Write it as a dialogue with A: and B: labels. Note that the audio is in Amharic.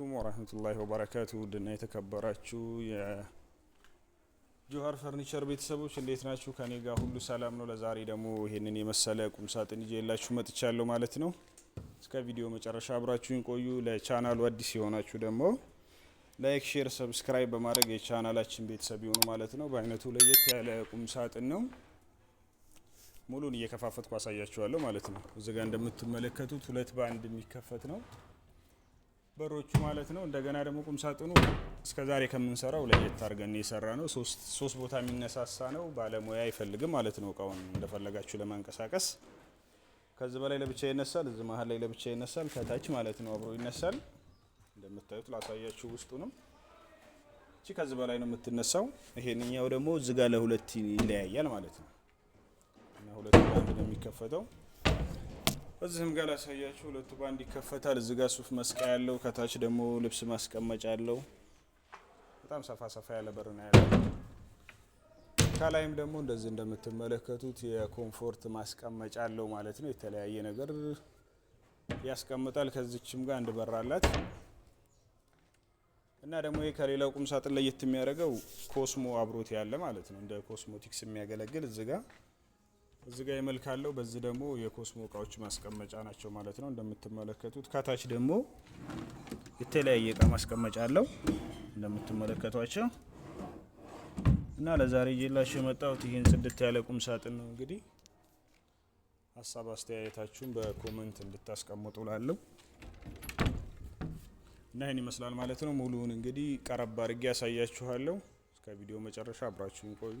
A: አለይኩም ወራህመቱላሂ ወበረካቱ ውድና የተከበራችሁ የጆሀር ፈርኒቸር ቤተሰቦች እንዴት ናችሁ? ከኔ ጋር ሁሉ ሰላም ነው። ለዛሬ ደግሞ ይህንን የመሰለ ቁም ሳጥን ይዤ የላችሁ መጥቻለሁ ማለት ነው። እስከ ቪዲዮ መጨረሻ አብራችሁን ቆዩ። ለቻናሉ አዲስ የሆናችሁ ደግሞ ላይክ፣ ሼር፣ ሰብስክራይብ በማድረግ የቻናላችን ቤተሰብ የሆኑ ማለት ነው። በአይነቱ ለየት ያለ ቁም ሳጥን ነው። ሙሉን እየከፋፈትኩ አሳያችኋለሁ ማለት ነው። እዚጋ እንደምትመለከቱት ሁለት በአንድ የሚከፈት ነው። በሮቹ ማለት ነው። እንደገና ደግሞ ቁም ሳጥኑ ዛሬ ከምንሰራው ለየት አድርገን የሰራ ነው። ሶስት ቦታ የሚነሳሳ ነው። ባለሙያ አይፈልግም ማለት ነው። እቃውን እንደፈለጋችሁ ለማንቀሳቀስ ከዚህ በላይ ለብቻ ይነሳል፣ እዚህ መሀል ላይ ለብቻ ይነሳል፣ ከታች ማለት ነው አብሮ ይነሳል። እንደምታዩት ላሳያችሁ ውስጡንም እቺ ከዚህ በላይ ነው የምትነሳው። ይሄንኛው ደግሞ እዚህ ጋር ለሁለት ይለያያል ማለት ነው እና ሁለት ነው የሚከፈተው እዚህም ጋር ላሳያችሁ፣ ሁለቱ ባንድ ይከፈታል። እዚህ ጋር ሱፍ መስቀያ ያለው፣ ከታች ደግሞ ልብስ ማስቀመጫ አለው በጣም ሰፋ ሰፋ ያለ በር ነው ያለው። ከላይም ደግሞ እንደዚህ እንደምትመለከቱት የኮምፎርት ማስቀመጫ አለው ማለት ነው። የተለያየ ነገር ያስቀምጣል። ከዚችም ጋር አንድ በር አላት እና ደግሞ ይሄ ከሌላው ቁም ሳጥን ለየት የሚያደርገው ኮስሞ አብሮት ያለ ማለት ነው። እንደ ኮስሞቲክስ የሚያገለግል እዚህ ጋር እዚ ጋር የመልክ አለው። በዚህ ደግሞ የኮስሞ እቃዎች ማስቀመጫ ናቸው ማለት ነው። እንደምትመለከቱት ከታች ደግሞ የተለያየ እቃ ማስቀመጫ አለው እንደምትመለከቷቸው እና ለዛሬ ጅላሽ የመጣሁት ይህን ጽድት ያለ ቁም ሳጥን ነው። እንግዲህ ሀሳብ አስተያየታችሁን በኮመንት እንድታስቀምጡ ላለው እና ይህን ይመስላል ማለት ነው። ሙሉውን እንግዲህ ቀረብ አድርጌ ያሳያችኋለሁ። እስከ ቪዲዮ መጨረሻ አብራችሁን ቆዩ።